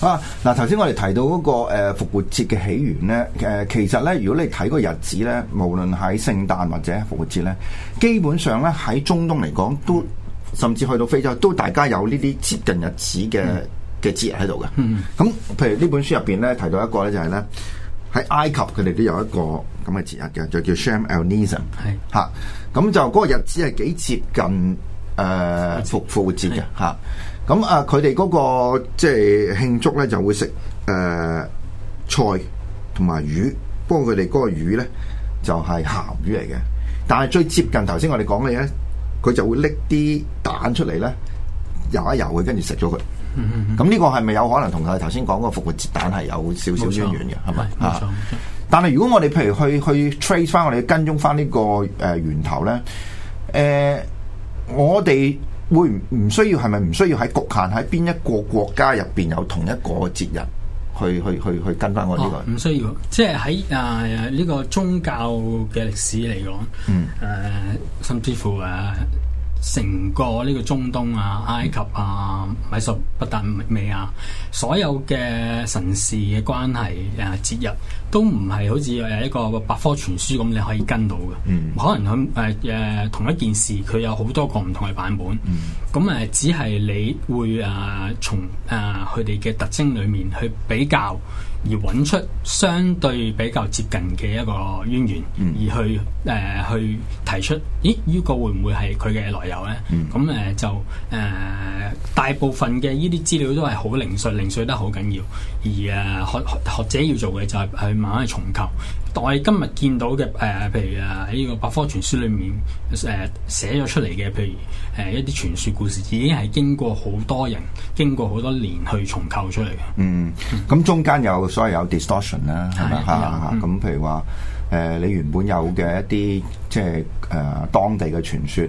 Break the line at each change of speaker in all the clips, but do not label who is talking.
啊！嗱，頭先我哋提到嗰、那個誒、呃、復活節嘅起源咧，誒、呃、其實咧，如果你睇個日子咧，無論喺聖誕或者復活節咧，基本上咧喺中東嚟講，都甚至去到非洲，都大家有呢啲接近日子嘅嘅節日喺度嘅。咁、嗯，譬、嗯嗯、如呢本書入邊咧提到一個咧，就係咧喺埃及佢哋都有一個咁嘅節日嘅，就叫 Sham El Nisan。係嚇是，咁、啊、就嗰個日子係幾接近誒復、呃嗯、復活節嘅嚇。啊。咁啊，佢哋嗰個即係、就是、慶祝咧，就會食誒、呃、菜同埋魚。不過佢哋嗰個魚咧，就係、是、鹹魚嚟嘅。但係最接近頭先我哋講嘅嘢，佢就會拎啲蛋出嚟咧，游一游佢，跟住食咗佢。咁呢、嗯嗯嗯、個係咪有可能同佢哋頭先講嗰個復活節蛋係有少少淵源嘅？係咪啊？吧錯但係如果我哋譬如去去 trace 翻我哋跟蹤翻呢個誒源頭咧，誒、呃、我哋。會唔需要？係咪唔需要喺局限喺邊一個國家入邊有同一個節日去去去去跟翻我呢個？啊、唔
需要，即係喺啊呢個宗教嘅歷史嚟講，誒、呃，甚至乎誒、啊。成個呢個中東啊、埃及啊、米索不達美啊，所有嘅神事嘅關係誒節日，都唔係好似誒一個百科全書咁，你可以跟到嘅。嗯、可能佢誒誒同一件事，佢有好多個唔同嘅版本。嗯，咁誒、啊、只係你會誒從誒佢哋嘅特徵裏面去比較而揾出相對比較接近嘅一個淵源，嗯、而去誒、呃、去提出，咦？呢、這個會唔會係佢嘅來源？有咧，咁誒、嗯、就誒、呃、大部分嘅呢啲資料都係好零碎，零碎得好緊要。而誒學學者要做嘅就係去慢慢去重構。我今日見到嘅誒、呃，譬如誒喺呢個百科全書裡面誒寫咗出嚟嘅，譬如誒、呃、一啲傳說故事，已經係經過好多人、經過好多年去重構出嚟嘅。
嗯，咁、嗯、中間有所謂有 distortion 啦、嗯，係咪啊？咁、嗯、 譬如話誒、呃，你原本有嘅一啲即係誒當地嘅傳說。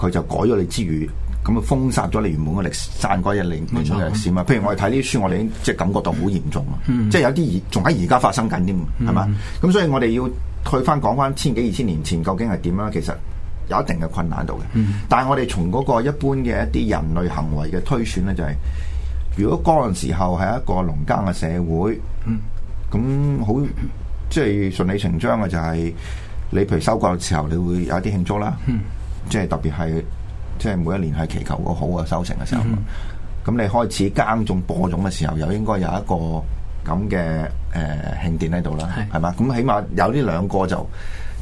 佢就改咗你之餘，咁啊封殺咗你原本嘅歷史，刪改咗你本身歷史嘛！譬如我哋睇呢啲書，我哋已經即係感覺到好嚴重啊！即係有啲而仲喺而家發生緊添，係嘛？咁所以我哋要退翻講翻千幾二千年前究竟係點啦，其實有一定嘅困難度嘅。但係我哋從嗰個一般嘅一啲人類行為嘅推斷咧，就係如果嗰陣時候係一個農耕嘅社會，咁好即係順理成章嘅就係你譬如收割嘅時候，你會有一啲慶祝啦。即係特別係，即係每一年係祈求個好嘅收成嘅時候，咁、嗯、你開始耕種播種嘅時候，又應該有一個咁嘅誒慶典喺度啦，係、呃、嘛？咁是起碼有呢兩個就，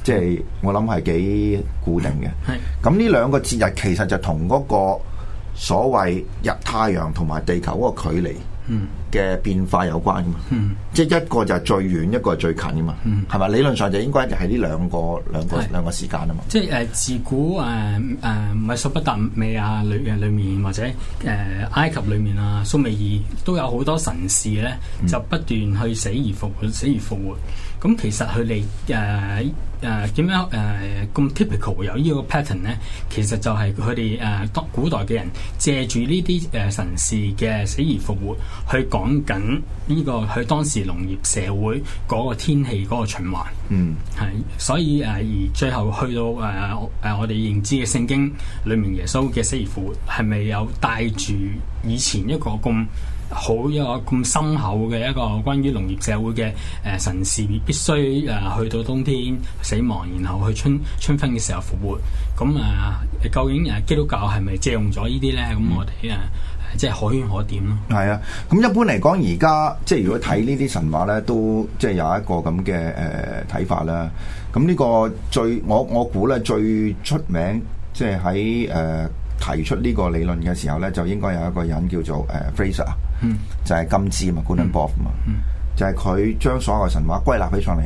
即係、嗯、我諗係幾固定嘅。咁呢兩個節日其實就同嗰個所謂日太陽同埋地球嗰個距離。嗯嘅變化有關噶嘛？嗯，即係一個就係最遠，一個係最近噶嘛？嗯，係咪？理論上就應該就係呢兩個兩個是兩個時間啊嘛。
即係誒、呃、自古誒誒、呃、米索不達美亞裡誒裡面或者誒、呃、埃及裡面啊，蘇美爾都有好多神士咧，就不斷去死而復活，嗯、死而復活。咁其實佢哋誒誒、啊、點樣、啊、誒咁 typical 有呢個 pattern 咧？其實就係佢哋誒當古代嘅人借住呢啲誒神事嘅死而復活，去講緊、這、呢個佢當時農業社會嗰個天氣嗰個循環。嗯，係。所以誒、啊，而最後去到誒誒、啊、我哋、啊、認知嘅聖經裏面，耶穌嘅死而復活係咪有帶住以前一個咁？好一個咁深厚嘅一個關於農業社會嘅誒、呃、神事，必須誒、呃、去到冬天死亡，然後去春春分嘅時候復活。咁、嗯、啊、呃，究竟誒基督教係咪借用咗呢啲咧？咁我哋啊，即係可圈可點咯。
係啊，咁一般嚟講，而家即係如果睇呢啲神話咧，都即係有一個咁嘅誒睇法啦。咁、這、呢個最我我估咧最出名，即係喺誒提出呢個理論嘅時候咧，就應該有一個人叫做誒 Fraser。呃呃 Fraser。嗯，就係金枝嘛，Golden Bough 嘛，嗯嗯、就係佢將所有神話歸納起上嚟，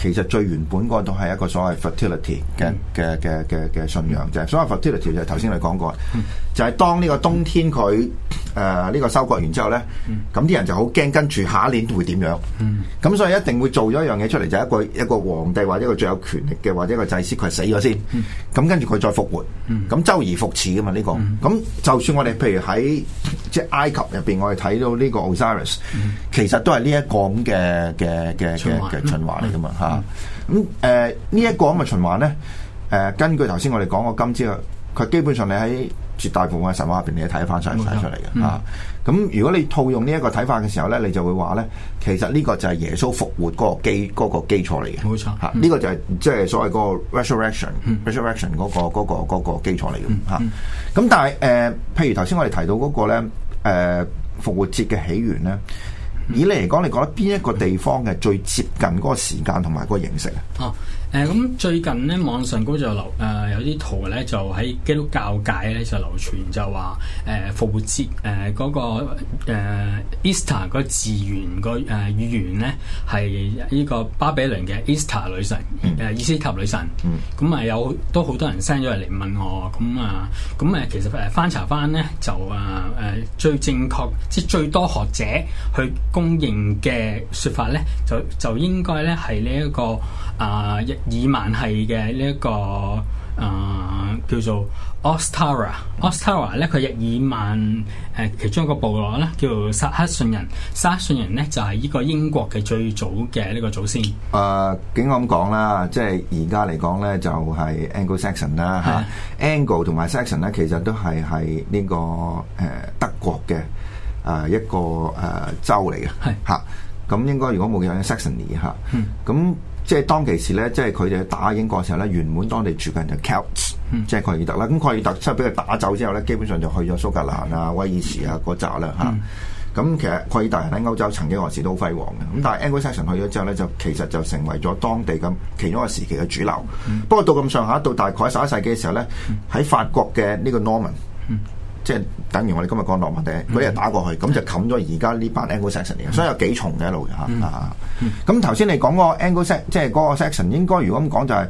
其實最原本嗰個都係一個所謂 fertility 嘅嘅嘅嘅嘅、嗯、信仰就係、是、所謂 fertility 就係頭先你講過，嗯、就係當呢個冬天佢。誒呢、呃這個收割完之後咧，咁啲人就好驚，跟住下一年會點樣？咁、嗯嗯、所以一定會做咗一樣嘢出嚟，就係、一個一個皇帝或者一個最有權力嘅或者一個祭司佢係死咗先，咁跟住佢再復活，咁、嗯嗯、周而復始噶嘛呢、這個。咁、嗯、就算我哋譬如喺即係埃及入邊、嗯，我哋睇到呢個 Osiris，其實都係呢一個咁嘅嘅嘅嘅嘅循環嚟噶嘛嚇。咁誒呢一個咁嘅循環咧，誒、啊嗯呃這個啊、根據頭先我哋講過金之後。佢基本上你喺絕大部分嘅神話入邊，你都睇翻曬出嚟嘅嚇。咁、嗯啊、如果你套用呢一個睇法嘅時候咧，你就會話咧，其實呢個就係耶穌復活嗰個基嗰、嗰個、基礎嚟嘅。冇錯，嚇、嗯、呢、啊呢個就係即係所謂嗰個 resurrection，resurrection 嗰、嗯 res 嗰個嗰、嗰個嗰個、基礎嚟嘅嚇。咁、啊、但係誒、呃，譬如頭先我哋提到嗰、嗰個咧誒、呃、復活節嘅起源咧，以你嚟講，你覺得邊一個地方嘅最接近嗰個時間同埋嗰個形式啊？嗯
誒咁、嗯、最近咧，網上嗰個流誒、呃、有啲圖咧，就喺基督教界咧就流傳就話誒復活節誒個誒 Easter、呃、個字源個誒語言咧係呢個巴比倫嘅 Ishtar 女神誒伊斯塔女神，咁啊、嗯呃、有都好多人 send 咗嚟問我，咁啊咁啊其實誒翻查翻咧就誒誒、呃、最正確即係最多學者去公認嘅說法咧，就就應該咧係呢一個啊、呃耳曼系嘅呢一個啊、呃、叫做 Ostara，Ostara 咧佢日耳曼誒、呃、其中一個部落咧叫撒克遜人，撒克遜人咧就係、是、呢個英國嘅最早嘅呢個祖先、
呃。誒，幾咁講啦，即係而家嚟講咧就係 Anglo-Saxon 啦嚇 Anglo 同埋 Saxon 咧其實都係係呢個誒、呃、德國嘅啊、呃、一個誒、呃、州嚟嘅，係嚇是、啊啊。咁應該如果冇記錯咧，Saxon 嚟嚇，咁、啊。嗯嗯即係當其時咧，即係佢哋打英國嘅時候咧，原本當地住嘅人就 Celts，、嗯、即係蓋爾特啦。咁蓋爾特出俾佢打走之後咧，基本上就去咗蘇格蘭啊、威爾士啊嗰扎啦嚇。咁、嗯啊、其實蓋爾特人喺歐洲曾幾何時都好輝煌嘅。咁但係 Anglo-Saxon 去咗之後咧，就其實就成為咗當地咁其中一個時期嘅主流。嗯、不過到咁上下，到大概十一世紀嘅時候咧，喺、嗯、法國嘅呢個 Norman，、嗯、即係。等於我哋今日講落乜嘢，嗰啲人打過去，咁、嗯、就冚咗而家呢班 Anglo-Saxon 嚟嘅，所以有幾重嘅一路嘅嚇，咁頭先你講個 Anglo-S 即係嗰個 section，應該如果咁講就係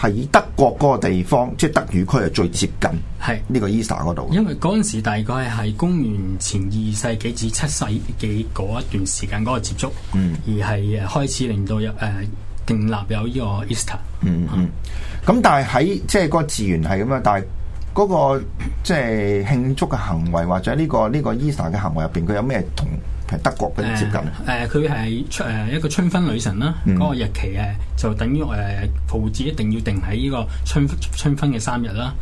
係以德國嗰個地方，即係德語區係最接近、e，係呢個 Easter 嗰度。
因為嗰陣時大概係公元前二世紀至七世紀嗰一段時間嗰個接觸，嗯、而係開始令到有誒、呃、定立有呢個 Easter、嗯。嗯
嗯，咁、啊嗯、但係喺即係嗰個字源係咁樣，但係。嗰、那個即係、就是、慶祝嘅行為，或者呢、這個呢、這個 Easter 嘅行為入邊，佢有咩同誒德國嗰啲接近咧？
佢係春誒一個春分女神啦，嗰、那個日期誒、嗯、就等於誒佈置一定要定喺呢個春春分嘅三日啦。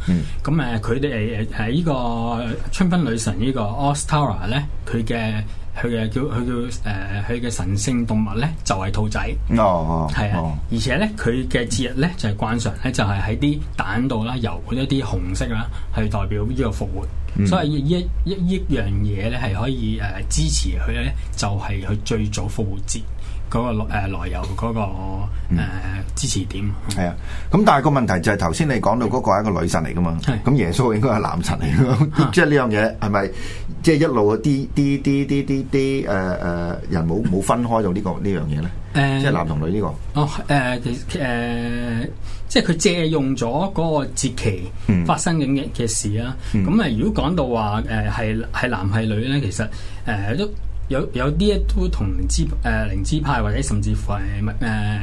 咁誒、嗯，佢哋誒喺呢個春分女神、這個、呢個 Ostara 咧，佢嘅。佢嘅叫佢叫誒佢嘅神聖動物咧就係、是、兔仔，
係啊、oh, oh, oh，
而且咧佢嘅節日咧就係、是、慣常咧就係喺啲蛋度啦，油一啲紅色啦，去代表呢個復活，mm hmm. 所以一一一一樣嘢咧係可以誒、呃、支持佢咧，就係、是、佢最早復活節。嗰個誒來由嗰個誒、
嗯呃、支持點係啊，咁但係個問題就係頭先你講到嗰個係一個女神嚟噶嘛，咁是耶穌應該係男神嚟咯，即係呢樣嘢係咪即係一路啲啲啲啲啲啲誒誒人冇冇分開到呢個呢樣嘢咧？即係男同女呢個
哦誒誒，即係佢借用咗嗰個節期發生嘅嘅事啦。咁啊、嗯嗯嗯嗯，如果講到話誒係係男係女咧，其實誒、呃呃呃、都。有有啲都同靈知誒，靈、呃、知派或者甚至乎係誒，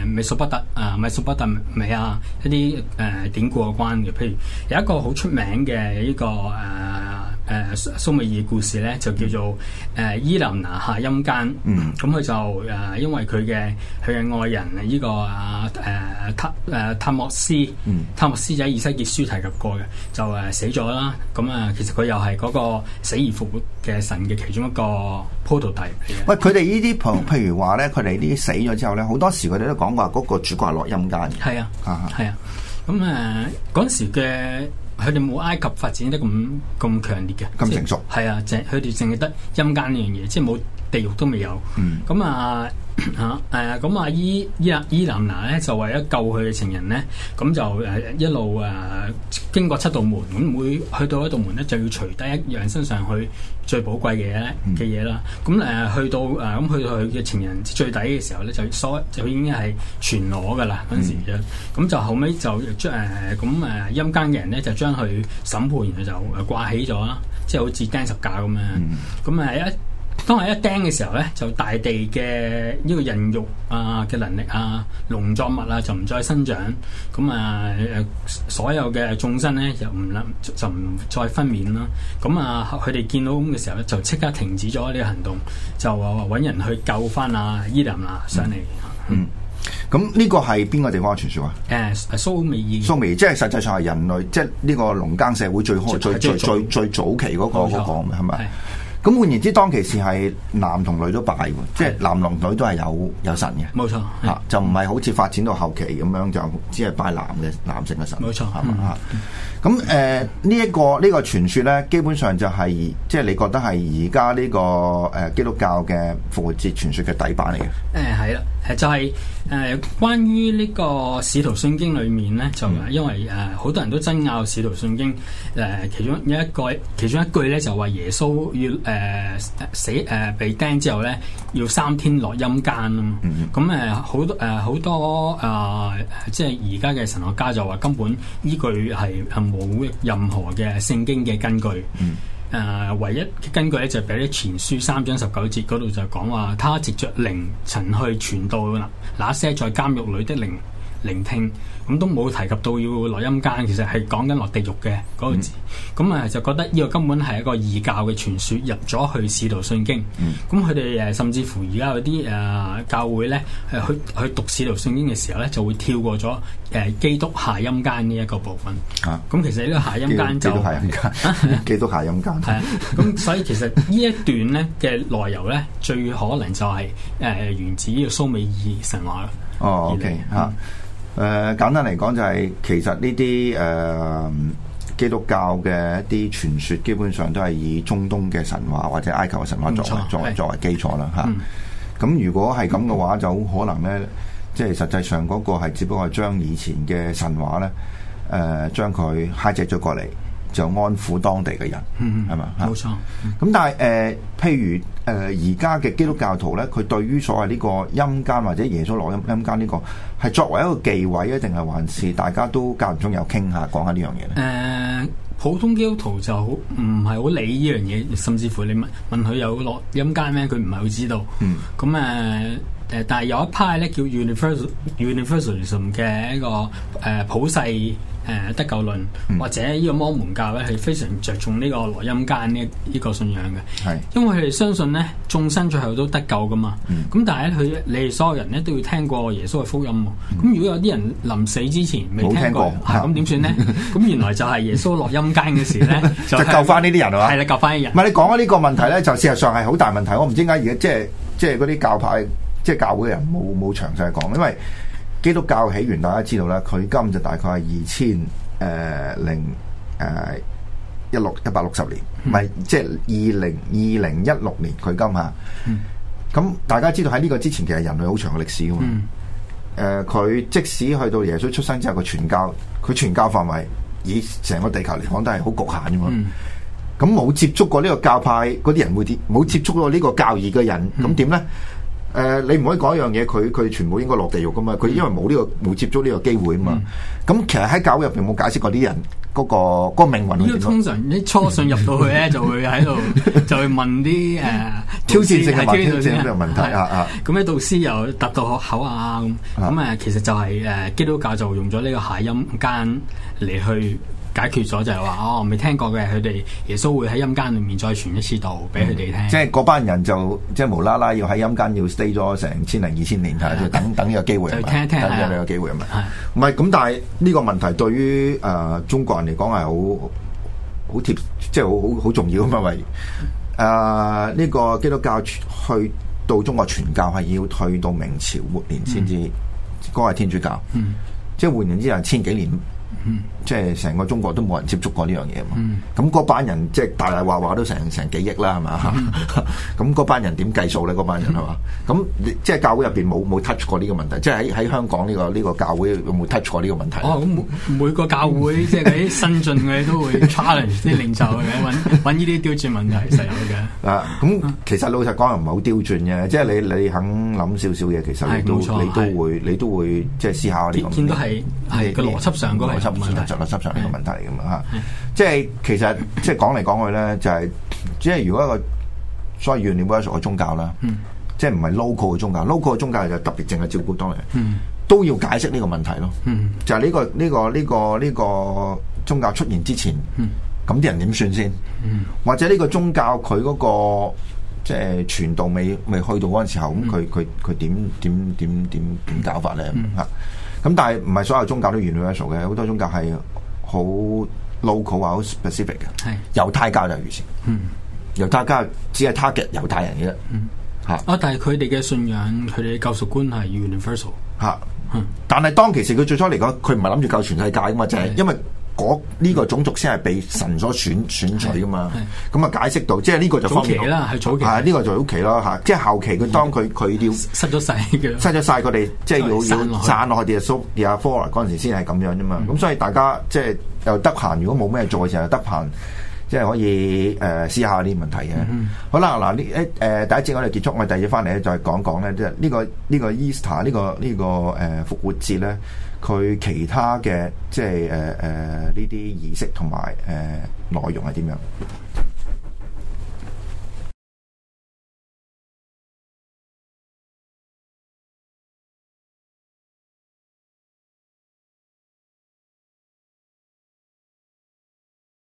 美、呃、索不達、呃、啊美索不達米亞啊一啲誒、呃、典故有關嘅，譬如有一個好出名嘅呢、這個誒。誒、呃。呃蘇美爾故事咧，就叫做誒伊琳娜下陰間，咁佢就誒，因為佢嘅佢嘅愛人呢個啊誒探誒探莫斯，探莫斯就係，以西結書提及過嘅，就誒死咗啦。咁啊，其實佢又係嗰個死而復活嘅神嘅其中一個
鋪導地。喂，佢哋呢啲譬譬如話咧，佢哋呢啲死咗之後咧，好多時佢哋都講話，嗰個主角係落陰間嘅。係啊，係啊，
咁啊嗰時嘅。佢哋冇埃及發展得咁咁強烈嘅，咁成熟。係啊，淨佢哋淨係得陰間呢樣嘢，即係冇。地獄都未有，咁、嗯、啊吓，誒咁啊伊伊亞伊南娜咧就為咗救佢嘅情人咧，咁就誒、啊、一路誒、啊、經過七道門，咁每去到一道門咧就要除低一樣身上去最寶貴嘅嘢嘅嘢啦，咁誒、嗯啊、去到誒咁、啊、去到佢嘅情人最底嘅時候咧，就所就已經係全裸噶啦，嗰陣時嘅，咁、嗯啊、就後尾、啊啊、就將咁誒陰間嘅人咧就將佢審判，完佢就掛起咗啦，即係好似釘十架咁樣，咁啊一。嗯當係一釘嘅時候咧，就大地嘅呢個人肉啊嘅能力啊，農作物啊就唔再生長，咁啊所有嘅眾生咧又唔能就唔再分娩啦。咁啊，佢哋見到咁嘅時候咧，就即刻停止咗呢個行動，就話揾人去救翻阿伊林啊上嚟、嗯。嗯，
咁呢個係邊個地方嘅傳説啊？誒、啊，蘇美爾，蘇美爾，即係實際上係人類，即係呢個農耕社會最開、最最最最，最早期嗰、嗰個嗰、嗰個係咪、那個吧咁換言之，當其時係男同女都拜喎，的即係男同女都係有有神嘅。冇錯，吓就唔係好似發展到後期咁樣，就只係拜男嘅男性嘅神。冇錯錯係嘛，吓咁誒，呢一個呢個傳說咧，基本上就係、是、即係你覺得係而家呢個誒、呃、基督教嘅復活節傳說嘅底板嚟
嘅。誒係啦，誒就係、是。誒，關於呢個《使徒信經裡呢》裏面咧，就因為誒好、呃、多人都爭拗《使徒信經》呃，誒其中有一句，其中一句咧就話耶穌要誒、呃、死誒、呃、被釘之後咧，要三天落陰間。嗯，咁誒、呃、好多誒好多誒，即係而家嘅神學家就話根本呢句係係冇任何嘅聖經嘅根據。嗯。呃、唯一根據咧就係彼得前書三章十九節嗰度就講話，他藉著靈曾去傳道啦，那些在監獄裡的靈。聆聽咁都冇提及到要落陰間，其實係講緊落地獄嘅嗰個字，咁啊、嗯、就覺得呢個根本係一個異教嘅傳說，入咗去《使徒信經》。咁佢哋誒甚至乎而家有啲誒教會咧，誒去去讀《使徒信經》嘅時候咧，就會跳過咗誒基督下陰間呢一個部分。
啊，咁其實呢個下陰間就基下陰基，基督下陰間
係啊。咁 所以其實呢一段咧嘅內容咧，最可能就係、是、誒、啊、源自呢個蘇美爾神話哦
，OK 啊。誒、呃，簡單嚟講就係、是，其實呢啲誒基督教嘅一啲傳說，基本上都係以中東嘅神話或者埃及嘅神話作作作為基礎啦吓。咁、嗯啊、如果係咁嘅話，就可能呢，即係實際上嗰個係只不過係將以前嘅神話呢，誒、呃，將佢 hijack 咗過嚟。就安撫當地嘅人，係嘛？冇錯。咁但係誒、呃，譬如誒，而家嘅基督教徒咧，佢對於所謂呢個陰間或者耶穌落陰陰間呢、這個，係作為一個忌諱，啊，定係還是大家都間唔中有傾下講下呢樣嘢
咧？誒、嗯，普通基督徒就唔係好理呢樣嘢，甚至乎你問問佢有落陰間咩？佢唔係好知道。嗯。咁誒。呃誒，但係有一派咧叫 Un al, universal universalism 嘅一個誒、呃、普世誒、呃、得救論，嗯、或者呢個摩門教咧係非常着重呢個落陰間呢呢個信仰嘅。係是因為佢哋相信咧，眾生最後都得救噶嘛。咁、嗯、但係咧，佢你哋所有人咧都要聽過耶穌嘅福音。咁、嗯、如果有啲人臨死之前未聽過，咁點算咧？咁、啊、 原來就係耶穌落陰間嘅事咧， 就救翻呢啲人啊！係啦，救翻啲人。唔
係你講緊呢個問題咧，就事實上係好大問題。我唔知點解而家即係即係嗰啲教派。即係教會嘅人冇冇詳細講，因為基督教起源大家知道啦，距今就大概係二千誒、呃、零誒、呃、一六一百六十年，唔係，嗯、即係二零二零一六年距今吓。咁、嗯、大家知道喺呢個之前其實人類好長嘅歷史噶嘛。誒、嗯，佢、呃、即使去到耶穌出生之後嘅傳教，佢傳教範圍以成個地球嚟講都係好局限噶嘛。咁冇、嗯嗯、接觸過呢個教派嗰啲人會點？冇接觸過呢個教義嘅人，咁點咧？誒，uh, 你唔可以講一樣嘢，佢、佢全部應該落地獄噶嘛。佢因為冇呢、呢個冇接觸呢個機會啊嘛。咁、嗯、其實喺教會入邊有冇解釋過啲人嗰、嗰個、嗰、嗰個命運點？通
常一初信入到去咧， 就會喺度，就會問啲誒挑戰性同挑戰性嘅問題啊啊。咁啲導師又達到學口啊咁，咁啊、嗯嗯嗯、其實就係誒基督教就用咗呢個蟹音間嚟去。解決咗就係話哦，未聽過嘅佢哋耶穌會喺陰間裏面再傳一次道俾佢哋聽。嗯、即係
嗰班人就即係無啦啦要喺陰間要 stay 咗成千零二千年係，要、啊嗯、等等呢個機會。聽一聽等呢個有機會係咪？唔係咁，嗯、但係呢個問題對於誒、呃、中國人嚟講係好好貼，即係好好好重要啊嘛，為誒呢個基督教去到中國傳教係要去到明朝末年先至，嗰個係、嗯嗯、天主教。即係換言之，係千幾年。即係成個中國都冇人接觸過呢樣嘢嘛？咁嗰班人即係大大話話都成成幾億啦，係嘛？咁嗰班人點計數咧？嗰班人係嘛？咁即係教會入邊冇冇 touch 過呢個問題？即係喺喺香港呢個呢個教會有冇 touch 過呢個問題？哦，
每每個教會即係啲新進嘅都會 challenge 啲領袖嘅，揾揾呢啲刁鑽問題，實有
嘅。啊，咁其實老實講又唔係好刁鑽嘅，即係你你肯諗少少嘢，其實你都你都會你都會即係思考下呢個問題。見到係係個邏輯上個嚟。實講講就流上呢個問題嚟嘅嘛，即係其實即係講嚟講去咧，就係即係如果一個所謂 universal 嘅宗教啦，嗯、即係唔係 local 嘅宗教、嗯、local 嘅宗教就特別淨係照顧當地人，嗯、都要解釋呢個問題咯。嗯、就係呢、呢個呢、呢個呢、呢個呢、呢個宗教出現之前，咁啲、嗯、人點算先？嗯、或者呢個宗教佢嗰、嗰個即係傳道未未去到嗰陣時候，咁佢佢佢點點點點點搞法咧？吓、嗯？樣咁但係唔係所有宗教都 universal 嘅，好多宗教係好 local 啊，好 specific 嘅。係猶太教就是如此。嗯，猶太教只係 target 猶太人嘅啫。
嗯，嚇。啊，是但係佢哋嘅信仰，佢哋嘅救贖觀係 universal
是。嚇、嗯，但係當其時佢最初嚟講，佢唔係諗住救全世界噶嘛，就係、是、因為。呢個種族先係被神所選選取噶嘛。咁啊的解釋到，即係呢個就早期啦，係早期。呢、呢個就早期咯嚇，即係後期佢當佢佢掉失咗曬嘅，失咗晒。佢哋，即係要要贊落去啲阿叔、啲阿 follower 嗰陣時先係咁樣啫嘛。咁所以大家即係又得閒，如果冇咩做嘅時候得，得閒即係可以誒試、呃、下呢啲問題嘅。嗯、好啦，嗱呢誒、呃、第一節我哋結束，我哋第二日翻嚟咧再講講咧，即係呢個呢、呢個呢個 Easter 呢、呢個呢、呢個誒復、這個呃、活節咧。呢佢其他嘅即係誒誒呢啲儀式同埋誒內容係點樣？